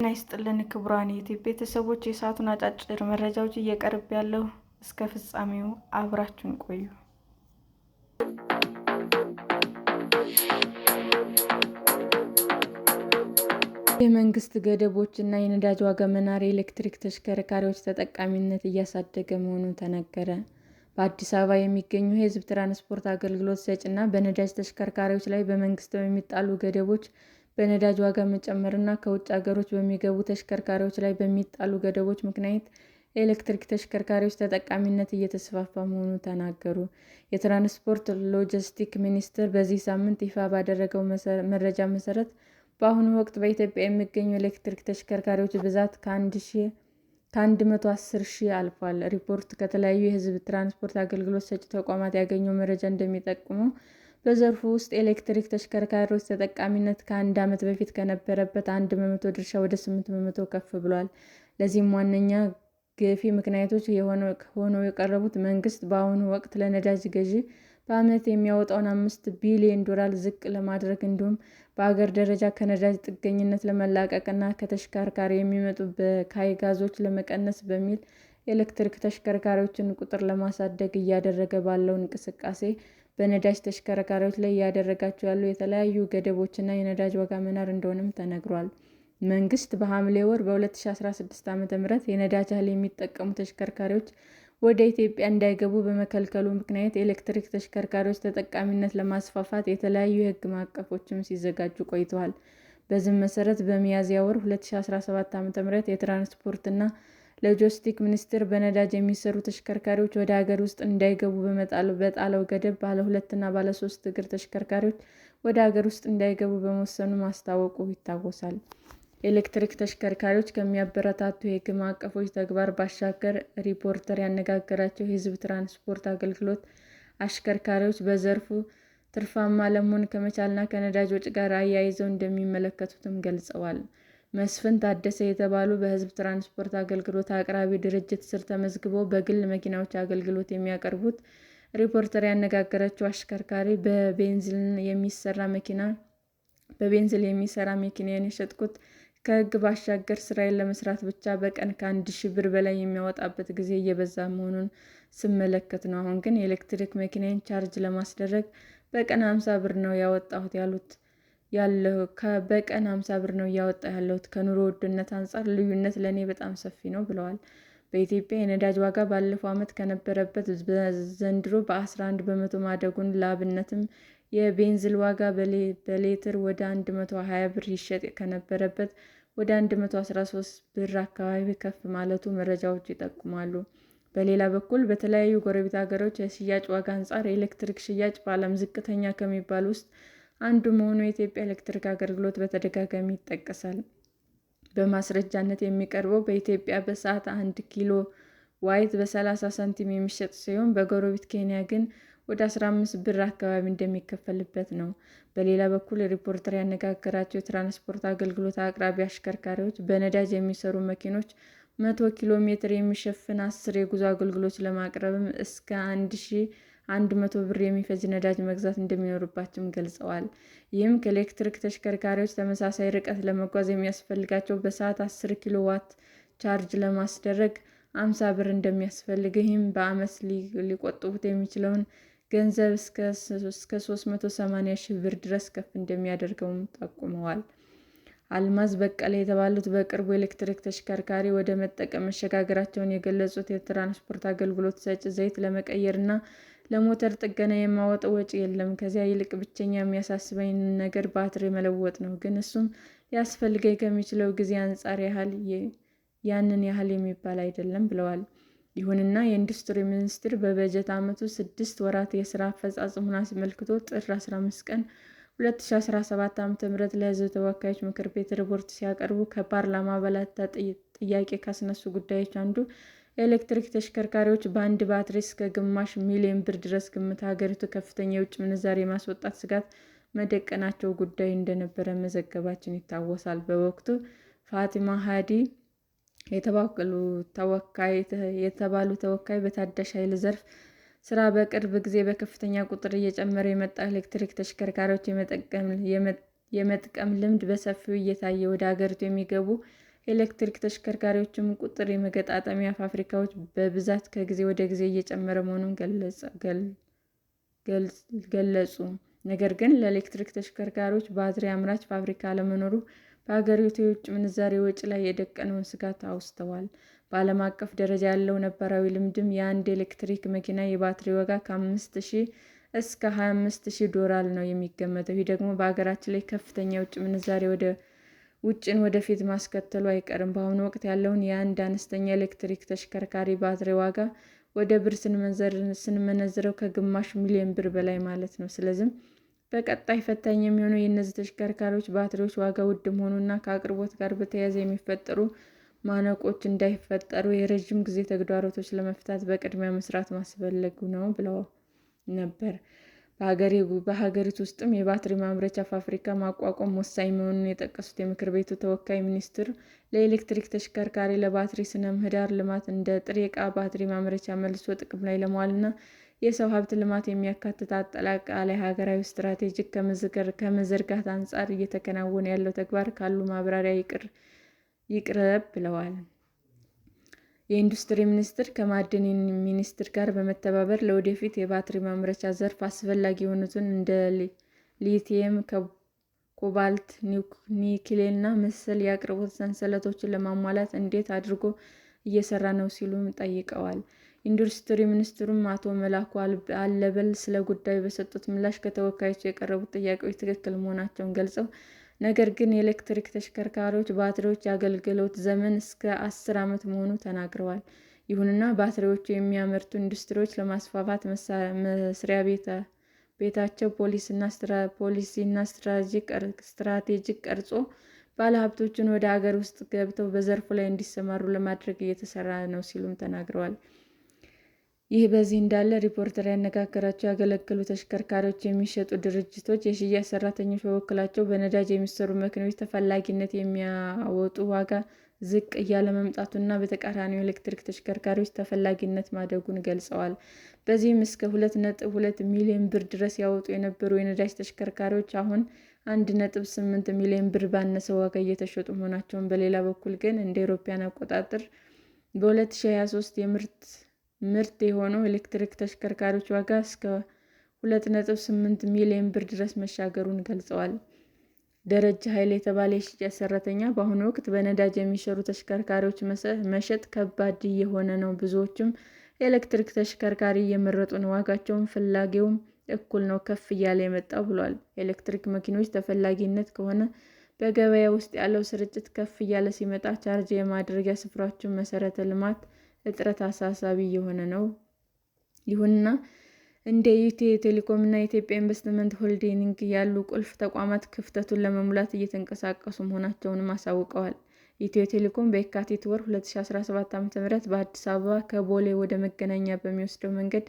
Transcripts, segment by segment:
እና ይስጥልን ክቡራን ዩቲዩብ ቤተሰቦች የሰዓቱን አጫጭር መረጃዎች እየቀርብ ያለው እስከ ፍጻሜው አብራችሁን ቆዩ። የመንግስት ገደቦች እና የነዳጅ ዋጋ መናር የኤሌክትሪክ ተሽከርካሪዎች ተጠቃሚነት እያሳደገ መሆኑ ተነገረ። በአዲስ አበባ የሚገኙ የህዝብ ትራንስፖርት አገልግሎት ሰጭ እና በነዳጅ ተሽከርካሪዎች ላይ በመንግስት የሚጣሉ ገደቦች በነዳጅ ዋጋ መጨመር እና ከውጭ ሀገሮች በሚገቡ ተሽከርካሪዎች ላይ በሚጣሉ ገደቦች ምክንያት የኤሌክትሪክ ተሽከርካሪዎች ተጠቃሚነት እየተስፋፋ መሆኑን ተናገሩ። የትራንስፖርት ሎጂስቲክስ ሚኒስቴር በዚህ ሳምንት ይፋ ባደረገው መረጃ መሠረት፣ በአሁኑ ወቅት በኢትዮጵያ የሚገኙ የኤሌክትሪክ ተሽከርካሪዎች ብዛት ከአንድ መቶ አስር ሺህ አልፏል። ሪፖርቱ ከተለያዩ የህዝብ ትራንስፖርት አገልግሎት ሰጪ ተቋማት ያገኘው መረጃ እንደሚጠቁመው በዘርፉ ውስጥ ኤሌክትሪክ ተሽከርካሪዎች ተጠቃሚነት ከአንድ ዓመት በፊት ከነበረበት አንድ በመቶ ድርሻ ወደ ስምንት በመቶ ከፍ ብሏል። ለዚህም ዋነኛ ገፊ ምክንያቶች ሆነው የቀረቡት መንግስት በአሁኑ ወቅት ለነዳጅ ገዢ በዓመት የሚያወጣውን አምስት ቢሊዮን ዶላር ዝቅ ለማድረግ እንዲሁም በአገር ደረጃ ከነዳጅ ጥገኝነት ለመላቀቅ እና ከተሽከርካሪ የሚመጡ በካይ ጋዞች ለመቀነስ በሚል ኤሌክትሪክ ተሽከርካሪዎችን ቁጥር ለማሳደግ እያደረገ ባለው እንቅስቃሴ በነዳጅ ተሽከርካሪዎች ላይ እያደረጋቸው ያሉ የተለያዩ ገደቦችና የነዳጅ ዋጋ መናር እንደሆነም ተነግሯል። መንግስት በሐምሌ ወር በ2016 ዓ. ም የነዳጅ እህል የሚጠቀሙ ተሽከርካሪዎች ወደ ኢትዮጵያ እንዳይገቡ በመከልከሉ ምክንያት የኤሌክትሪክ ተሽከርካሪዎች ተጠቃሚነት ለማስፋፋት የተለያዩ የህግ ማዕቀፎችም ሲዘጋጁ ቆይተዋል። በዚህም መሰረት በሚያዝያ ወር 2017 ዓ ም የትራንስፖርትና ለሎጂስቲክስ ሚኒስቴር በነዳጅ የሚሰሩ ተሽከርካሪዎች ወደ ሀገር ውስጥ እንዳይገቡ በጣለው ገደብ ባለ ሁለትና ባለ ሶስት እግር ተሽከርካሪዎች ወደ ሀገር ውስጥ እንዳይገቡ በመወሰኑ ማስታወቁ ይታወሳል። ኤሌክትሪክ ተሽከርካሪዎች ከሚያበረታቱ የሕግ ማዕቀፎች ተግባር ባሻገር ሪፖርተር ያነጋገራቸው የሕዝብ ትራንስፖርት አገልግሎት አሽከርካሪዎች በዘርፉ ትርፋማ ለመሆን ከመቻልና ከነዳጅ ወጪ ጋር አያይዘው እንደሚመለከቱትም ገልጸዋል። መስፍን ታደሰ የተባሉ በሕዝብ ትራንስፖርት አገልግሎት አቅራቢ ድርጅት ስር ተመዝግበው በግል መኪናዎች አገልግሎት የሚያቀርቡት ሪፖርተር ያነጋገረችው አሽከርካሪ በቤንዝል የሚሰራ መኪናዬን የሸጥኩት ከሕግ ባሻገር ስራዬን ለመስራት ብቻ በቀን ከአንድ ሺህ ብር በላይ የሚያወጣበት ጊዜ እየበዛ መሆኑን ስመለከት ነው። አሁን ግን የኤሌክትሪክ መኪናዬን ቻርጅ ለማስደረግ በቀን ሀምሳ ብር ነው ያወጣሁት ያሉት ያለው በቀን አምሳ ብር ነው እያወጣ ያለሁት። ከኑሮ ውድነት አንጻር ልዩነት ለእኔ በጣም ሰፊ ነው ብለዋል። በኢትዮጵያ የነዳጅ ዋጋ ባለፈው ዓመት ከነበረበት ዘንድሮ በ11 በመቶ ማደጉን ለአብነትም የቤንዝል ዋጋ በሌትር ወደ 120 ብር ይሸጥ ከነበረበት ወደ 113 ብር አካባቢ ከፍ ማለቱ መረጃዎች ይጠቁማሉ። በሌላ በኩል በተለያዩ ጎረቤት ሀገሮች የሽያጭ ዋጋ አንጻር የኤሌክትሪክ ሽያጭ በዓለም ዝቅተኛ ከሚባል ውስጥ አንዱ መሆኑ የኢትዮጵያ ኤሌክትሪክ አገልግሎት በተደጋጋሚ ይጠቀሳል። በማስረጃነት የሚቀርበው በኢትዮጵያ በሰዓት አንድ ኪሎ ዋይት በ30 ሳንቲም የሚሸጥ ሲሆን በጎረቤት ኬንያ ግን ወደ 15 ብር አካባቢ እንደሚከፈልበት ነው። በሌላ በኩል ሪፖርተር ያነጋገራቸው የትራንስፖርት አገልግሎት አቅራቢ አሽከርካሪዎች በነዳጅ የሚሰሩ መኪኖች መቶ ኪሎ ሜትር የሚሸፍን አስር የጉዞ አገልግሎት ለማቅረብም እስከ አንድ ሺህ አንድ መቶ ብር የሚፈጅ ነዳጅ መግዛት እንደሚኖርባቸውም ገልጸዋል። ይህም ከኤሌክትሪክ ተሽከርካሪዎች ተመሳሳይ ርቀት ለመጓዝ የሚያስፈልጋቸው በሰዓት አስር ኪሎ ዋት ቻርጅ ለማስደረግ አምሳ ብር እንደሚያስፈልግ ይህም በዓመት ሊቆጥቡት የሚችለውን ገንዘብ እስከ ሶስት መቶ ሺህ ብር ድረስ ከፍ እንደሚያደርገውም ጠቁመዋል። አልማዝ በቀለ የተባሉት በቅርቡ ኤሌክትሪክ ተሽከርካሪ ወደ መጠቀም መሸጋገራቸውን የገለጹት የትራንስፖርት አገልግሎት ሰጪ ዘይት ለመቀየርና ለሞተር ጥገና የማወጣው ወጪ የለም። ከዚያ ይልቅ ብቸኛ የሚያሳስበኝ ነገር ባትሪ መለወጥ ነው። ግን እሱም ሊያስፈልገኝ ከሚችለው ጊዜ አንጻር ያህል ያንን ያህል የሚባል አይደለም ብለዋል። ይሁንና የኢንዱስትሪ ሚኒስቴር በበጀት ዓመቱ ስድስት ወራት የሥራ አፈጻጸሙን አስመልክቶ ጥር 15 ቀን 2017 ዓ.ም ለሕዝብ ተወካዮች ምክር ቤት ሪፖርት ሲያቀርቡ ከፓርላማ አባላት ጥያቄ ካስነሱ ጉዳዮች አንዱ ኤሌክትሪክ ተሽከርካሪዎች በአንድ ባትሪ እስከ ግማሽ ሚሊዮን ብር ድረስ ግምት ሀገሪቱ ከፍተኛ የውጭ ምንዛሪ የማስወጣት ስጋት መደቀናቸው ጉዳይ እንደነበረ መዘገባችን ይታወሳል። በወቅቱ ፋቲማ ሃዲ የተባሉ ተወካይ በታዳሽ ኃይል ዘርፍ ስራ በቅርብ ጊዜ በከፍተኛ ቁጥር እየጨመረ የመጣ ኤሌክትሪክ ተሽከርካሪዎች የመጥቀም ልምድ በሰፊው እየታየ ወደ ሀገሪቱ የሚገቡ ኤሌክትሪክ ተሽከርካሪዎችም ቁጥር የመገጣጠሚያ ፋብሪካዎች በብዛት ከጊዜ ወደ ጊዜ እየጨመረ መሆኑን ገለጹ። ነገር ግን ለኤሌክትሪክ ተሽከርካሪዎች ባትሪ አምራች ፋብሪካ አለመኖሩ በሀገሪቱ የውጭ ምንዛሬ ወጪ ላይ የደቀነውን ስጋት አውስተዋል። በዓለም አቀፍ ደረጃ ያለው ነባራዊ ልምድም የአንድ ኤሌክትሪክ መኪና የባትሪ ዋጋ ከ 5000 እስከ ሀያ ሺህ ዶላር ነው የሚገመተው። ይህ ደግሞ በሀገራችን ላይ ከፍተኛ የውጭ ምንዛሬ ወደ ውጭን ወደፊት ማስከተሉ አይቀርም። በአሁኑ ወቅት ያለውን የአንድ አነስተኛ ኤሌክትሪክ ተሽከርካሪ ባትሪ ዋጋ ወደ ብር ስንመነዝረው ከግማሽ ሚሊዮን ብር በላይ ማለት ነው። ስለዚህም በቀጣይ ፈታኝ የሚሆነው የእነዚህ ተሽከርካሪዎች ባትሪዎች ዋጋ ውድ መሆኑና ከአቅርቦት ጋር በተያያዘ የሚፈጠሩ ማነቆች እንዳይፈጠሩ የረዥም ጊዜ ተግዳሮቶች ለመፍታት በቅድሚያ መስራት ማስፈለጉ ነው ብለው ነበር። በሀገሪቱ ውስጥም የባትሪ ማምረቻ ፋብሪካ ማቋቋም ወሳኝ መሆኑን የጠቀሱት የምክር ቤቱ ተወካይ ሚኒስትር ለኤሌክትሪክ ተሽከርካሪ፣ ለባትሪ ስነ ምህዳር ልማት፣ እንደ ጥሬ ዕቃ ባትሪ ማምረቻ መልሶ ጥቅም ላይ ለመዋልና የሰው ሀብት ልማት የሚያካትት አጠቃላይ ሀገራዊ ስትራቴጂ ከመዘርጋት አንጻር እየተከናወነ ያለው ተግባር ካሉ ማብራሪያ ይቅረብ ብለዋል። የኢንዱስትሪ ሚኒስቴር ከማዕድን ሚኒስቴር ጋር በመተባበር ለወደፊት የባትሪ ማምረቻ ዘርፍ አስፈላጊ የሆኑትን እንደ ሊቲየም፣ ኮባልት፣ ኒክልና መሰል የአቅርቦት ሰንሰለቶችን ለማሟላት እንዴት አድርጎ እየሰራ ነው ሲሉም ጠይቀዋል። ኢንዱስትሪ ሚኒስትሩም አቶ መላኩ አለበል ስለ ጉዳዩ በሰጡት ምላሽ ከተወካዮች የቀረቡት ጥያቄዎች ትክክል መሆናቸውን ገልጸው ነገር ግን የኤሌክትሪክ ተሽከርካሪዎች ባትሪዎች የአገልግሎት ዘመን እስከ አስር ዓመት መሆኑ ተናግረዋል። ይሁንና ባትሪዎቹ የሚያመርቱ ኢንዱስትሪዎች ለማስፋፋት መስሪያ ቤታቸው ፖሊሲና ስትራቴጂክ ቀርጾ ባለሀብቶችን ወደ አገር ውስጥ ገብተው በዘርፉ ላይ እንዲሰማሩ ለማድረግ እየተሰራ ነው ሲሉም ተናግረዋል። ይህ በዚህ እንዳለ ሪፖርተር ያነጋገራቸው ያገለገሉ ተሽከርካሪዎች የሚሸጡ ድርጅቶች የሽያጭ ሰራተኞች በበኩላቸው በነዳጅ የሚሰሩ መኪኖች ተፈላጊነት የሚያወጡ ዋጋ ዝቅ እያለ መምጣቱና በተቃራኒው ኤሌክትሪክ ተሽከርካሪዎች ተፈላጊነት ማደጉን ገልጸዋል። በዚህም እስከ ሁለት ነጥብ ሁለት ሚሊዮን ብር ድረስ ያወጡ የነበሩ የነዳጅ ተሽከርካሪዎች አሁን አንድ ነጥብ ስምንት ሚሊዮን ብር ባነሰ ዋጋ እየተሸጡ መሆናቸውን በሌላ በኩል ግን እንደ አውሮፓውያን አቆጣጠር በ2023 የምርት ምርት የሆኑ ኤሌክትሪክ ተሽከርካሪዎች ዋጋ እስከ 28 ሚሊዮን ብር ድረስ መሻገሩን ገልጸዋል። ደረጀ ኃይል የተባለ የሽያጭ ሰራተኛ በአሁኑ ወቅት በነዳጅ የሚሸሩ ተሽከርካሪዎች መሸጥ ከባድ እየሆነ ነው ብዙዎቹም ኤሌክትሪክ ተሽከርካሪ እየመረጡ ነው ዋጋቸውም ፍላጌውም እኩል ነው ከፍ እያለ የመጣው ብሏል። ኤሌክትሪክ መኪኖች ተፈላጊነት ከሆነ በገበያ ውስጥ ያለው ስርጭት ከፍ እያለ ሲመጣ ቻርጅ የማድረጊያ ስፍራዎችን መሰረተ ልማት እጥረት አሳሳቢ የሆነ ነው። ይሁንና እንደ ኢትዮ ቴሌኮም እና የኢትዮጵያ ኢንቨስትመንት ሆልዲንግ ያሉ ቁልፍ ተቋማት ክፍተቱን ለመሙላት እየተንቀሳቀሱ መሆናቸውንም አሳውቀዋል። ኢትዮ ቴሌኮም በየካቲት ወር 2017 ዓ.ም በአዲስ አበባ ከቦሌ ወደ መገናኛ በሚወስደው መንገድ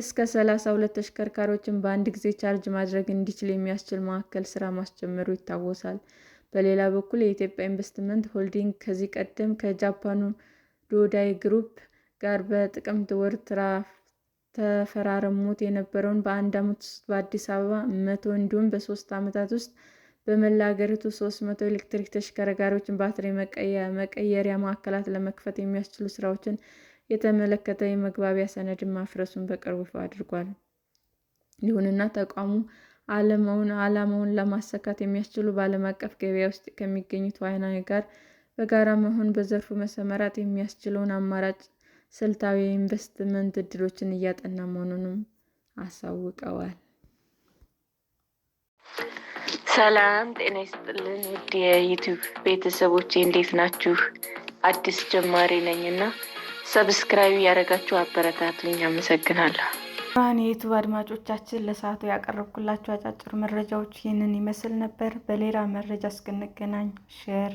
እስከ 32 ተሽከርካሪዎችን በአንድ ጊዜ ቻርጅ ማድረግ እንዲችል የሚያስችል ማዕከል ስራ ማስጀመሩ ይታወሳል። በሌላ በኩል የኢትዮጵያ ኢንቨስትመንት ሆልዲንግ ከዚህ ቀደም ከጃፓኑ ዶዳይ ግሩፕ ጋር በጥቅምት ወር ተፈራረሙት የነበረውን በአንድ ዓመት ውስጥ በአዲስ አበባ መቶ እንዲሁም በሶስት ዓመታት ውስጥ በመላ ሀገሪቱ ሶስት መቶ ኤሌክትሪክ ተሽከርካሪዎችን ባትሪ መቀየሪያ ማዕከላት ለመክፈት የሚያስችሉ ስራዎችን የተመለከተ የመግባቢያ ሰነድን ማፍረሱን በቅርቡ ይፋ አድርጓል። ይሁንና ተቋሙ ዓላማውን ለማሳካት የሚያስችሉ በዓለም አቀፍ ገበያ ውስጥ ከሚገኙ ተዋናያን ጋር በጋራ መሆን በዘርፉ መሰማራት የሚያስችለውን አማራጭ ስልታዊ የኢንቨስትመንት እድሎችን እያጠና መሆኑንም አሳውቀዋል። ሰላም ጤና ይስጥልን ውድ የዩቱብ ቤተሰቦች እንዴት ናችሁ? አዲስ ጀማሪ ነኝ እና ሰብስክራይብ ያደረጋችሁ አበረታቱኝ። አመሰግናለሁ። ብርሃን የዩቱብ አድማጮቻችን ለሰዓቱ ያቀረብኩላችሁ አጫጭር መረጃዎች ይህንን ይመስል ነበር። በሌላ መረጃ እስክንገናኝ ሼር